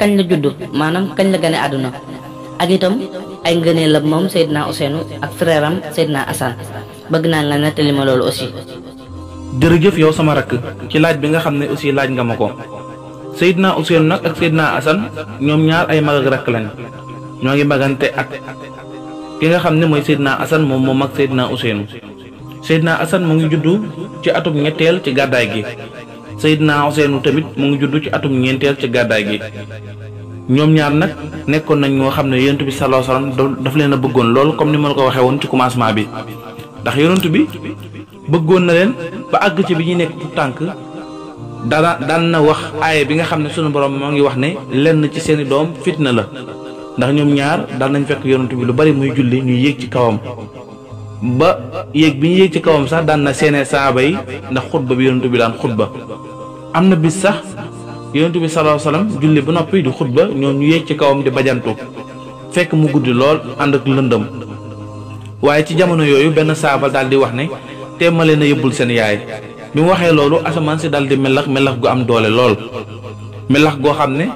kañ la judd maanaam kañ la gane àdduna ak itam ay la moom Seydina Ousseynou ak frère am naa Assane bëgg naa nga nettali ma loolu aussi. jërëjëf yow sama rakk ci laaj bi nga xam ne aussi laaj nga ma ko Seydina Ousseynou nag ak naa Assane ñoom ñaar ay mag ak rakk lañ ñoo ngi magante at ki nga xam ne mooy naa Assane moom moo mag Seydina Ousseynou Seydina Assane mu ngi juddu ci atum ñetteel ci gàddaay gi. Seydina Ousseynou tamit mu ngi judd ci atum ñeenteel ci gàddaay gi ñoom ñaar nag nekkoon nañ moo xam ne yonent bi sallallahu alayhi wasallam daf leen a bëggoon lool comme ni ma la ko waxee woon ci commencement bi ndax yonent bi bëggoon na leen ba àgg ci bi ñuy nekk tout tànk dana daan na wax aaye bi nga xam ne sunu borom moo ngi wax ne lenn ci seeni doom fitna la ndax ñoom ñaar daan nañ fekk yonent bi lu bari muy julli ñu yéeg ci kawam ba yéeg bi ñu yéeg ci kawam sax daan na seenee saaba yi ndax xutba bi yonent bi daan xutba am na bis sax yonent bi salaahu salaam julli ba noppi di xutba ñoo ñu yéeg ci kawam di bajantu fekk mu guddi lool ànd ak lëndëm waaye ci jamono yooyu benn saaba daal di wax ne te leen a yëbbul seen yaay bi mu waxee loolu asamaan si daal di melax melax gu am doole lool melax goo xam ne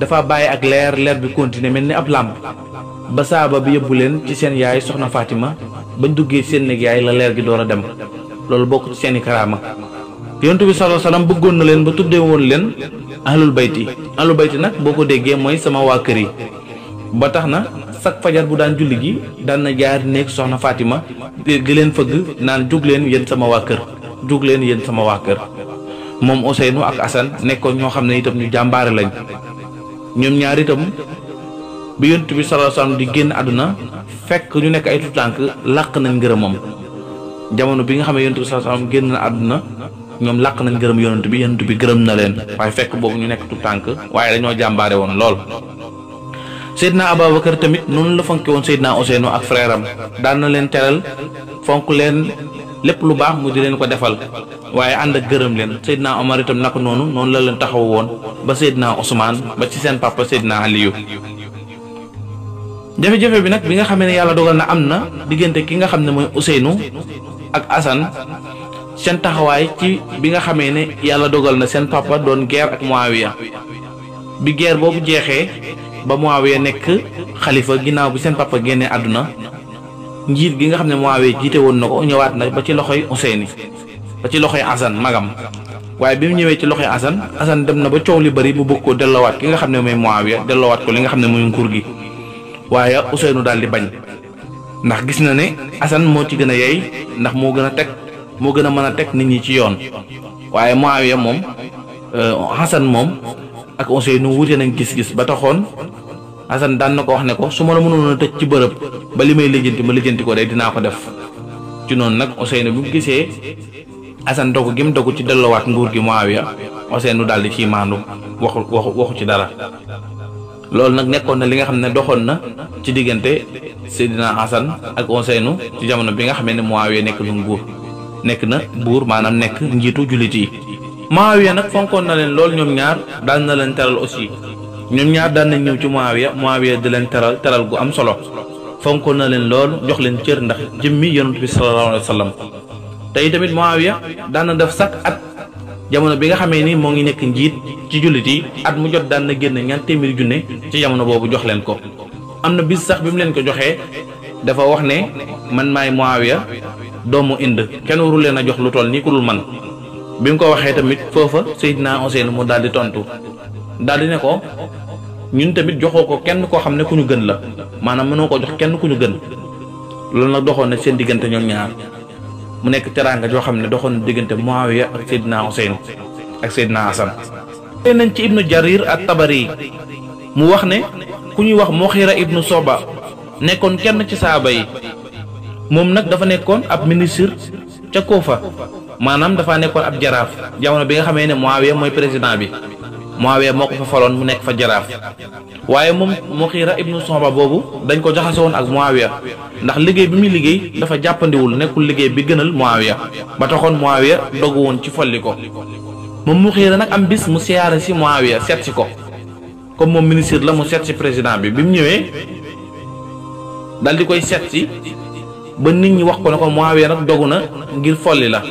dafa bàyyi ak leer leer bi continuer mel ni ab làmp ba saaba bi yëbbu leen ci seen yaay soxna Fatima bañ duggee seen néeg yaay la leer gi door a dem loolu bokk ci seeni karaama yonent bi sallallahu bëggoon na leen ba tuddee woon leen ahlul bayti ahlul bayti nag boo ko déggee mooy sama waa kër yi ba tax na sak fajar bu daan julli gi daan na jaar néeg soxna Fatima gi leen fëgg naan jug leen yéen sama waa kër jug leen yéen sama waa kër moom Ousseynou ak Assane nekkoon ñoo xam ne itam ñu jàmbaare lañ ñoom ñaar itam bi yonent bi di génn àdduna fekk ñu nekk ay tutànk làq nañ moom jamono bi nga xam ne yonent bi sallallahu génn na àdduna ñoom làq nañ gërëm yonent bi yonent bi gërëm na leen waaye fekk boobu ñu nekk tu tànk waaye dañoo jàmbaare woon lool Seydina Ababacar tamit noonu la fonke woon Seydina Ousseynou ak frère am daan na leen teral fonk leen lépp lu baax mu di leen ko defal waaye ànd ak gërëm leen Seydina Omar itam noonu noonu la leen taxaw woon ba Seydina Ousmane ba ci seen papa Seydina Aliou jafe-jafe bi nag bi nga xamee ne yàlla dogal na am na diggante ki nga xam ne mooy Ousseynou ak Assane seen taxawaay ci bi nga xamee ne yàlla dogal na seen papa doon guerre ak Muawiya bi guerre boobu jeexee ba Muawiya nekk xalifa ginnaaw bi seen papa génne àdduna njiir gi nga xam ne Muawiya jiite woon na ko ñëwaat na ba ci loxoy Useyni ba ci loxoy Asan magam waaye bi mu ñëwee ci loxoy Asan Asan dem na ba coow li bari bu bëgg ko dellowaat ki nga xam ne mooy Muawiya delloowaat ko li nga xam ne mooy nguur gi waaye Useynu daal di bañ ndax gis na ne Asan moo ci gën a yey ndax moo gën a teg moo gën a mën a teg nit ñi ci yoon waaye Muawiya moom Xasan euh, moom ak Useynu wuute nañ gis-gis ba taxoon Xasan daan na ko wax ne ko su ma la mënoon a ci bërëb ba li may lijjanti ma lijjanti ko dinaa ko def ci noonu nag Useynu bi mu gisee Xasan dogu gi dogu ci dellowaat nguur gi Muawiya Useynu daal di ciy maandu waxu waxu ci dara loolu nag nekkoon na li nga xam ne doxoon na ci diggante Seydina Xasan ak Useynu ci jamono bi nga xamee ne Muawiya nekk lu nguur nekk na buur maanaam nekk njiitu jullit yi Muawiya nag fonkoon na leen lool ñoom ñaar daan na leen teral aussi ñoom ñaar daan nañ ñëw ci Muawiya Muawiya di leen teral teral gu am solo fonkoon na leen lool jox leen cër ndax jëmmi yonent bi sallallahu alayhi wa sallam tey tamit Muawiya daan na def sax at jamono bi nga xamee ni moo ngi nekk njiit ci jullit yi at mu jot daan na génn ñaar téeméeri junne ci jamono boobu jox leen ko am na bis sax bi mu leen ko joxee dafa doomu Inde kenn waru leen a jox lu toll nii ku dul man bi nga ko waxee tamit foofa Seydina Ousseyn mu daal di tontu daal di ne ko ñun tamit joxoo ko kenn koo xam ne ku ñu gën la maanaam mënoo ko jox kenn ku ñu gën loolu na doxoon na seen diggante ñoom ñaar mu nekk teraanga joo xam ne doxoon na diggante Muawiya ak Seydina Ousseyn ak Seydina Hasan tey nañ ci ibnu Jarir ak Tabari mu wax ne ku ñuy wax Muxira ibnu sooba nekkoon kenn ci saaba yi. moom nag dafa nekkoon ab ministre ca Kufa maanaam dafa nekkoon ab jaraaf jamono bi nga xamee ne Muawiya mooy président bi Muawiya moo ko fa faloon mu nekk fa jaraaf waaye moom Mughira ibnu Shu'ba boobu dañ ko jaxase woon ak Muawiya ndax liggéey bi muy liggéey dafa jàppandiwul nekkul liggéey bi gënal Muawiya ba taxoon Muawiya dogu woon ci folli ko moom Mughira nag am bis mu siyaare si Muawiya seet si ko comme moom ministre la mu seet président bi bi mu ñëwee di koy seet ba nit ñi wax ko ne ko Muawiya nag dogu na ngir folli la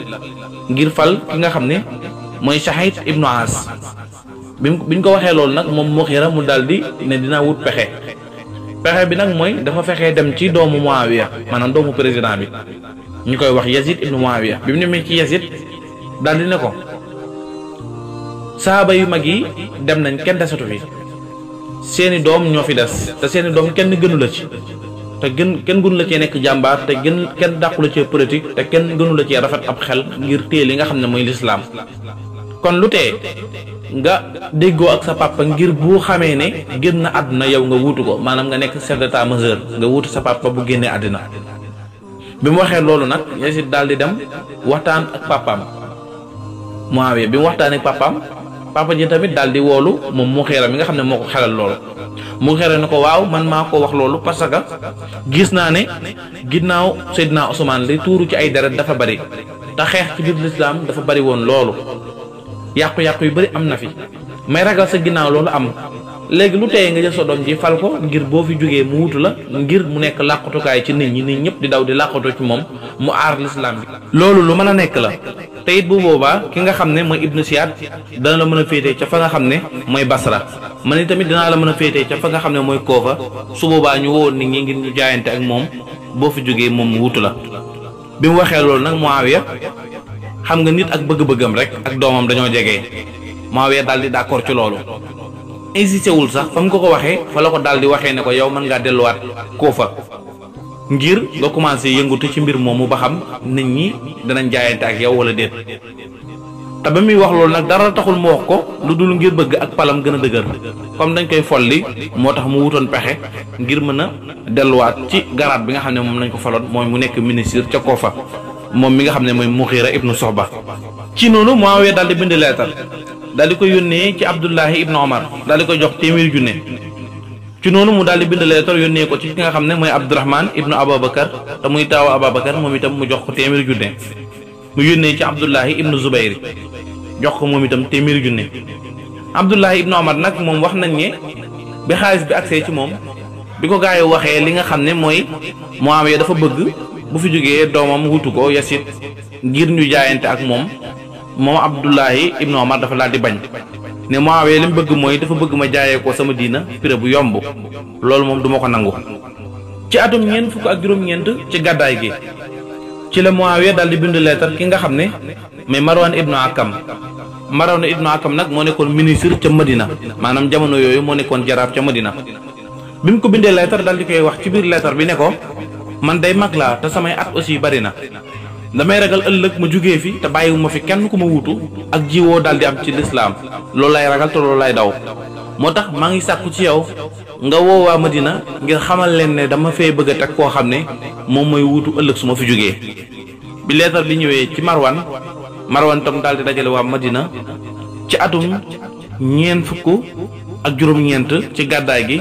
ngir fal ki nga xam ne mooy Shahid ibnu As bi biñ ko waxee loolu nag moom Mughira mu daal di ne dina wut pexe pexe bi nag mooy dafa fexe dem ci doomu Muawiya maanaam doomu président bi ñu koy wax Yazid ibnu Muawiya bi mu demee ci Yazid daal di ne ko saaba yu mag yi dem nañ kenn desatu fi seeni doom ñoo fi des te seeni doom kenn gënu la ci te gën kenn gënu la cee nekk jàmbaar te gën kenn dàqu la cee politique te kenn gënu la cee rafet ab xel ngir téye li nga xam ne mooy lislaam kon lu tee nga déggoo ak sa papa ngir bu xamee ne génn àdduna yow nga wuutu ko maanaam nga nekk chef d'état major nga wuutu sa papa bu génnee àdduna bi mu waxee loolu nag Yasid daal di dem waxtaan ak papaam Muawiya bi mu waxtaan ak papaam papa ji tamit daal di woolu moom mu xeera mi nga xam ne moo ko xelal loolu mu xeera ne ko waaw man maa ko wax loolu parce que gis naa ne ginnaaw naa Ousmane li tuuru ci ay deret dafa bari te xeex ci biir lislaam dafa bari woon loolu yàqu-yàqu yu bari am na fi may ragal sa ginnaaw loolu am léegi lu teye nga jël sa doom ji fal ko ngir boo fi jógee mu wutu la ngir mu nekk làqatukaay ci nit ñi nit ñëpp di daw di làqatu ci moom mu aar lislaam bi loolu lu mën a nekk la teyit bu boobaa ki nga xam ne mooy ibnu siyaad dana la mën a féetee ca fa nga xam ne mooy basra man itamit dinaa la mën a féetee ca fa nga xam ne mooy koofa su boobaa ñu wowoon nit ñi ngir ñu jaayante ak moom boo fi jógee moom mu wutu la bi mu waxee loolu nag ya xam nga nit ak bëgg-bëggam rek ak doomam dañoo jege Muawiya daal di d'accord ci loolu hésité sax fa mu ko ko waxee fa la ko daal di waxee ne ko yow mën ngaa delluwaat koo fa ngir nga commencé yëngatu ci mbir moomu ba xam nit ñi danañ jaayante ak yow wala déet te ba muy wax loolu nag dara taxul mu wax ko lu dul ngir bëgg ak palam gën a dëgër comme dañ koy folli moo tax mu wutoon pexe ngir mën a delluwaat ci garaat bi nga xam ne moom lañ ko faloon mooy mu nekk ministre ca koo fa moom mi nga xam ne mooy Muxiira ibnu Soxba ci noonu Muawiya daal di ko yónnee ci Abdullahi ibnu Omar daal di koy jox téeméeri junne ci noonu mu daal di bind leetar yónnee ko ci ki nga xam ne mooy Abdurahman ibnu Ababakar te muy taawu Ababakar moom itam mu jox ko téeméeri junne mu yónnee ci Abdullahi ibnu Zubayr jox ko moom itam téeméeri junne Abdullahi ibnu Omar nag moom wax nañ ne bi xaalis bi agsee ci moom bi ko gars yi waxee li nga xam ne mooy Muawiya dafa bëgg bu fi jógee doomam wutu ko Yasid ngir ñu jaayante ak moom. moom Abdullahi ibnu Omar dafa daal di bañ ne Muawiya li mu bëgg mooy dafa bëgg ma jaayee ko sama diina prix bu yomb loolu moom duma ko nangu ci atum ñeent fukk ak juróom-ñeent ci gàddaay gi ci la Muawiya daal di bind leetar ki nga xam ne mais Marwan ibnu Akam Marwan ibnu Akam nag moo nekkoon ministre ca Madina maanaam jamono yooyu moo nekkoon jaraaf ca Madina bi mu ko bindee leetar daal di koy wax ci biir leetar bi ne ko man day mag laa te samay at aussi bari na damay ragal ëllëg ma jugee fi te bàyyiwuma fi kenn ku ma wuutu ak jiwoo daal di am ci lislaam loolu lay ragal te loolu lay daw moo tax maa ngi sàkku ci yow nga woo waa Madina ngir xamal leen ne dama fee bëgg a teg koo xam ne moom mooy wuutu ëllëg su ma fi jógee bi leetar bi ñëwee ci Marwan Marwan tam daal di dajale waa Madina ci atum ñeent fukk ak juróom-ñeent ci gàddaay gi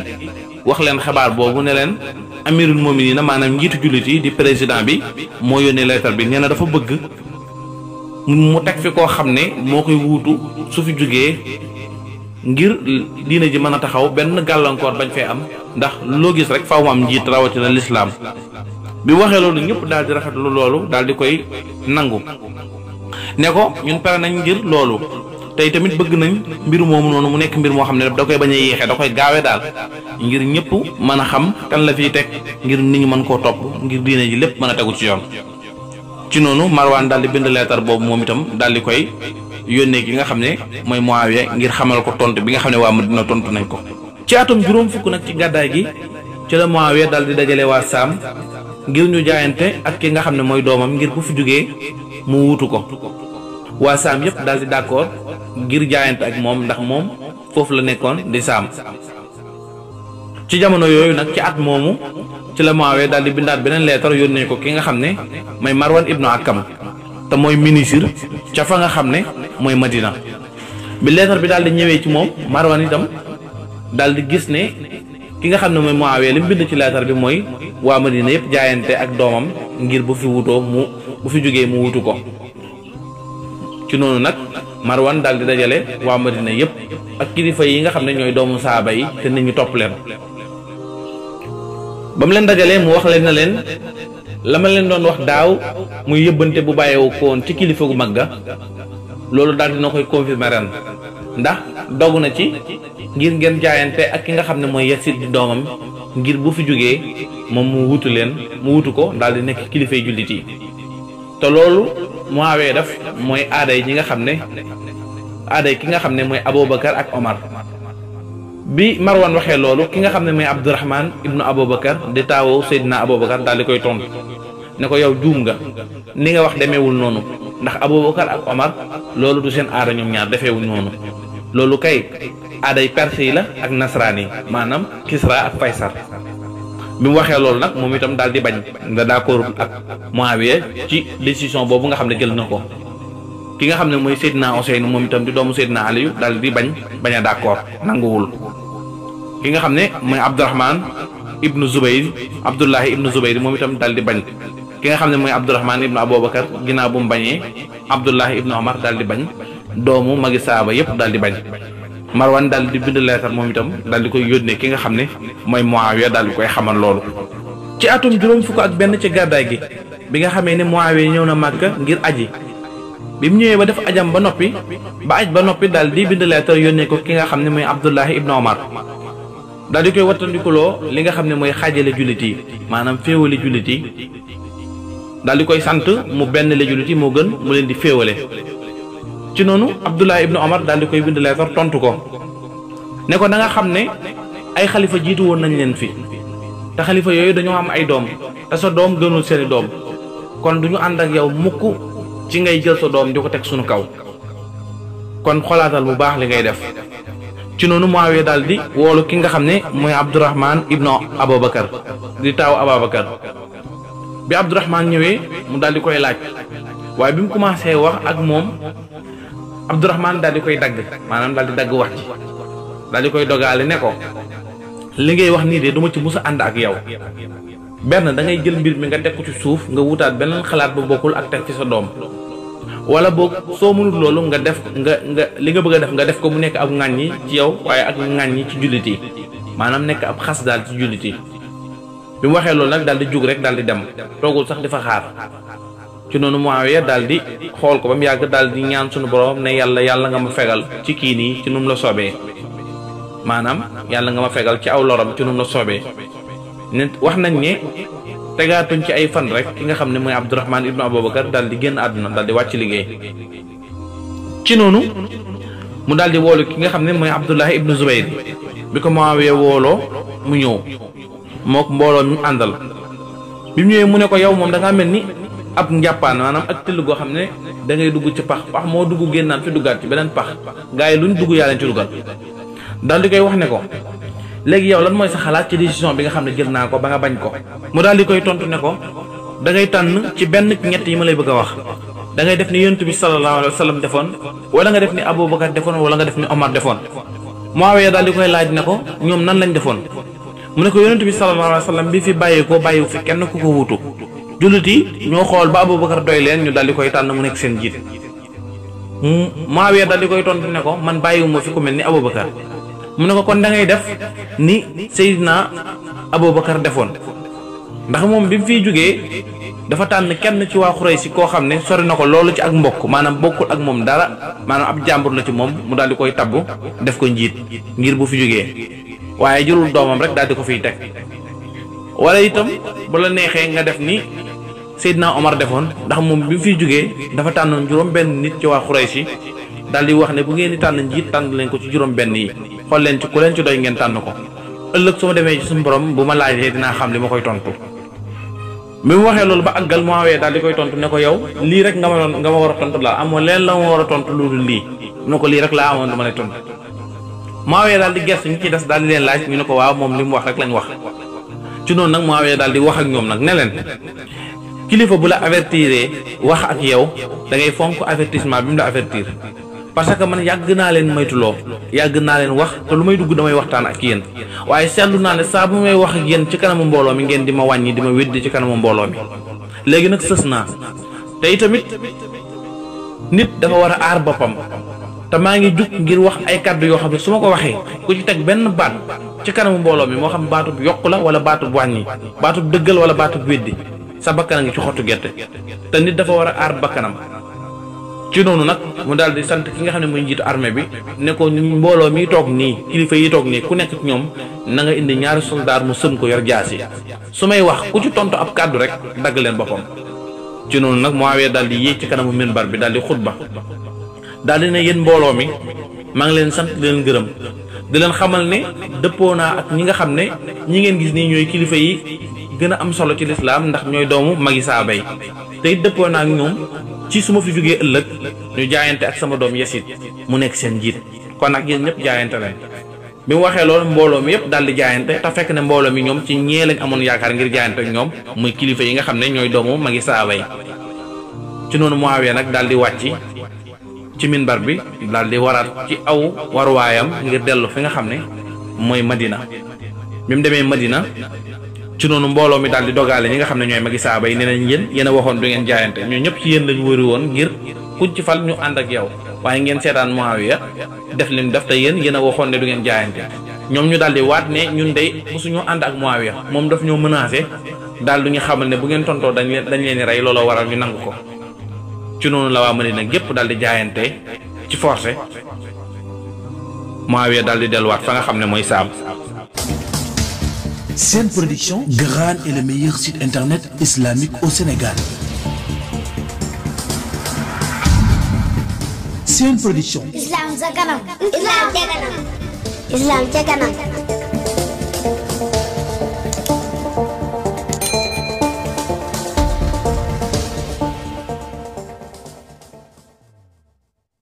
wax leen xabaar boobu ne leen amirul muminina maanaam njiitu jullit yi di président bi moo yónnee leetar bi nee na dafa bëgg mu teg fi koo xam ne moo koy wuutu su fi jógee ngir diine ji mën a taxaw benn gàllankoor bañ fee am ndax loo gis rek faaw njiit rawatina lislaam bi waxee loolu ñëpp daal di rafetlu loolu daal di koy nangu ne ko ñun pare nañ ngir loolu tey tamit bëgg nañ mbir moomu noonu mu nekk mbir moo xam ne da koy bañ a yéexee da koy gaawee daal ngir ñëpp mën a xam kan la fiy teg ngir nit ñi mën koo topp ngir diine ji lépp mën a tegu ci yoon. ci noonu Marwan daal di bind leetar boobu moom itam daal di koy yónnee ki nga xam ne mooy Muawiya ngir xamal ko tont bi nga xam ne waa Madina tontu nañ ko. ci atum juróom fukk nag ci gàddaay gi ci la Muawiya daal di dajale waa Saam ngir ñu jaayante ak ki nga xam ne mooy doomam ngir bu fi jugee mu wuutu ko. waa saam yëpp daal di d'accord ngir jaayante ak moom ndax moom foofu la nekkoon di saam ci jamono yooyu nag ci at moomu ci la Muawiya daal di bindaat beneen leetar yónnee ko ki nga xam ne mooy Marwan ibnu Akam te mooy ministre ca fa nga xam ne mooy Madina bi leetar bi daal di ñëwee ci moom Marwan itam daal di gis ne ki nga xam ne mooy Muawiya li mu bind ci leetar bi mooy waa Madina yëpp jaayante ak doomam ngir bu fi wutoo mu bu fi jógee mu wutu ko ci noonu nag Marwan daal di dajale waa Madina yëpp ak kilifa yi nga xam ne ñooy doomu saaba yi te nit ñi topp leen ba mu leen dajalee mu wax leen na leen la ma leen doon wax daaw muy yëbbante bu bàyyeewu ko ci kilifa gu mag ga loolu daal dina koy confirmer ren ndax dogu na ci ngir ngeen jaayante ak ki nga xam ne mooy Yasid di doomam ngir bu fi jógee moom mu wutu leen mu wutu ko daal di nekk kilifa yi jullit yi te loolu muawiya def mooy aaday ñi nga xam ne aaday ki nga xam ne mooy aboubacar ak omar bi marwan waxee loolu ki nga xam ne mooy abdourahman ibnu aboubacar di taawu seydina aboubacar daal di koy tontu ne ko yow juum nga ni nga wax demeewul noonu ndax aboubacar ak omar loolu du seen aada ñoom ñaar defeewul noonu loolu kay aaday perse yi la ak nasraan yi maanaam kisra ak faysal bi mu waxee loolu nag moom itam daal di bañ nga d'accord ak Muawiya ci décision boobu nga xam ne jël na ko ki nga xam ne mooy Seydina Ousseynou moom itam di doomu Seydina Aliyu daal di bañ bañ a d'accord nanguwul ki nga xam ne mooy Abdourahman ibnu Zubayr Abdullahi ibnu Zubayr moom itam daal di bañ ki nga xam ne mooy Abdourahman ibnu Aboubacar ginnaaw bu mu bañee Abdullahi ibnu Omar dal di bañ doomu magi saaba yépp daal di bañ Marwan daal di bind leetar moom itam daal di koy yónnee ki nga xam ne mooy Muawiya daal di koy xamal loolu. ci atum juróom fukk ak benn ci gàddaay gi bi nga xamee ne Muawiya ñëw na Màkka ngir aji bi mu ñëwee ba def ajam ba noppi ba aj ba noppi daal di bind leetar yónnee ko ki nga xam ne mooy Abdullahi Ibn Omar. daal di koy wattandikuloo li nga xam ne mooy xaajale jullit yi maanaam féewale jullit yi daal di koy sant mu benn le jullit yi moo gën mu leen di féewale ci noonu Abdullah ibnu Omar daal di koy bind leetar tontu ko ne ko da xam ne ay xalifa jiitu woon nañ leen fi te xalifa yooyu dañoo am ay doom te sa doom gënul seeni doom kon du ñu ànd ak yow mukk ci ngay jël sa doom di ko teg suñu kaw kon xolaatal bu baax li ngay def ci noonu Muawiya daal di woolu ki nga xam ne mooy Abdurahman ibnu Abubakar di taaw Ababakar bi Abdurahman ñëwee mu daal di koy laaj waaye bi mu commencé wax ak moom Abdourahman daal di koy dagg maanaam daal di dagg wax ji daal di koy dogaale ne ko li ngay wax nii de duma ci musa ànd ak yow benn da ngay jël mbir mi nga teg ko ci suuf nga wutaat beneen xalaat bu bokkul ak teg ci sa doom wala boog soo mënul loolu nga def nga nga li nga bëgg a def nga def ko mu nekk ab ŋàññi ci yow waaye ak ŋàññi ci jullit yi maanaam nekk ak xas daal ci jullit yi bi mu waxee loolu nag daal di jug rek daal di dem toogul sax di fa xaar ci noonu Muawiya ko ba mu yàgg daal di ñaan sunu borom ne yàlla yàlla nga ma fegal ci kii nii ci num la soobee maanaam yàlla nga ma fegal ci aw loram ci num la soobee ne wax nañ ne tegaatuñ ci ay fan rek ki nga xam ne mooy Abdurahman ibnu Abubakar daal di génn àdduna daal di wàcc liggéey ci noonu mu daal di woolu ki nga xam ne mooy Abdullahi ibnu Zubayr bi ko Muawiya wooloo mu ñëw mook mbooloo mi àndal bi mu ñëwee mu ne ko yow moom da mel ni ab njàppaan maanaam ak till goo xam ne da ngay dugg ci pax pax moo dugg génnaat ci duggaat ci beneen pax gars yi luñ dugg yaa leen ci dugal daal koy wax ne ko léegi yow lan mooy sa xalaat ci décision bi nga xam ne jël naa ko ba nga bañ ko mu daal koy tontu ne ko da ngay tànn ci benn ñett yi ma lay bëgg a wax da ngay def ni yonent bi sallallahu alayhi wa sallam defoon wala nga def ni Aboubacar defoon wala nga def ni Omar defoon Muawiya daal ko ñoom nan lañ defoon mu ne ko yonent bi sallallahu alayhi wa sallam bi fi bàyyeekoo bàyyiwu fi kenn ku jullit yi ñoo xool ba Aboubacar doy leen ñu daal koy tànn mu nekk seen jiit Muawiya daal di koy tontu ne ko man bàyyiwumoo fi ku mel ni Aboubacar mu ne ko kon da ngay def ni Seydina Aboubacar defoon ndax moom bi mu fiy jógee dafa tànn kenn ci waa Xuraysi koo xam ne sori na ko loolu ci ak mbokk maanaam bokkul ak moom dara maanaam ab jàmbur la ci moom mu daal di koy tabbu def ko njiit ngir bu fi jógee waaye jëlul doomam rek daal di ko fiy teg. wala itam bu la neexee nga def ni Seydina Omar defoon ndax moom bi mu fiy jógee dafa tànnoon juróom-benn nit ci waa Xuraysh yi daal di wax ne bu ngeen di tànn njiit tànn leen ko ci juróom-benn yi xool leen ci ku leen ci doy ngeen tànn ko ëllëg su demee ci suñu borom bu ma laajee dinaa xam li ma koy tontu. bi mu waxee loolu ba àggal Muawiya daal di koy tontu ne ko yow lii rek nga ma nga war a tontu laa amoon leen la ma war a tontu loolu lii mu ne ko lii rek laa amoon dama lay tontu Muawiya daal di gëstu ñu ci des daal di leen ne ko waaw moom li mu wax rek lañ wax. ci noonu nag Muawiya daal di wax ak ñoom nag ne leen kilifa bu la avertiree wax ak yow da ngay fonk avertissement bi mu la avertir parce que man yàgg naa leen moytuloo yàgg naa leen wax te lu may dugg damay waxtaan ak yéen waaye seetlu naa ne saa bu may wax ak yéen ci kanamu mbooloo mi ngeen di ma wàññi di ma weddi ci kanamu mbooloo mi léegi nag sës naa te tamit nit dafa war a aar boppam te maa ngi jug ngir wax ay kàddu yoo xam ne su ma ko waxee ku ci teg benn baat ci kanamu mbooloo mi moo xam baatu baatub yokk la wala baatub wàññi baatub dëggal wala baatub weddi sa bakkan a ngi ci xottu gerte te nit dafa war a aar bakkanam ci noonu nag mu daal di sant ki nga xam ne muy njiitu armée bi ne ko mbooloo mi toog nii kilifa yi toog nii ku nekk ñoom nanga indi ñaari soldaar mu sëm ko yor jaas yi su may wax ku ci tontu ab kàddu rek dagg leen boppam ci noonu nag Muawiya daal di yéeg ci kanamu minbar bi daal di xutba daal di ne yéen mbooloo mi maa ngi leen sant leen gërëm di leen xamal ne dëppoo naa ak ñi nga xam ne ñi ngeen gis nii ñooy kilifa yi gën a am solo ci lislaam ndax ñooy doomu magi saaba yi te it dëppoo naa ak ñoom ci su ma fi jógee ëllëg ñu jaayante ak sama doom Yasid mu nekk seen jiit kon nag yéen ñëpp jaayante leen bi mu waxee loolu mbooloo mi yëpp daal di jaayante te fekk ne mbooloo mi ñoom ci ñee lañ amoon yaakaar ngir jaayante ak ñoom muy kilifa yi nga xam ne ñooy doomu magi saaba yi ci noonu Muawiya nag daal di wàcc ci minbar bi daal di waraat ci aw warwaayam ngir dellu fi nga xam ne mooy Madina bi mu demee Madina ci noonu mbooloo mi daal di dogaale ñi nga xam ne ñooy magi saaba yi nee nañ yéen yéen a waxoon du ngeen jaayante ñoo ñëpp ci yéen lañ wëri woon ngir kuñ ci fal ñu ànd ak yow waaye ngeen seetaan Muawiya def lim def te yéen yéen a waxoon ne du ngeen jaayante ñoom ñu daal di waat ne ñun day mosuñu ànd ak Muawiya moom daf ñoo menacé daal du ñu xamal ne bu ngeen tontoo dañ leen dañ rey looloo waral ñu nangu ko ci noonu la waa Madina gépp daal di jaayante ci forcé Muawiya daal di delluwaat fa nga xam ne mooy Saam. Sen Production Gran est le meilleur site internet islamique au Sénégal.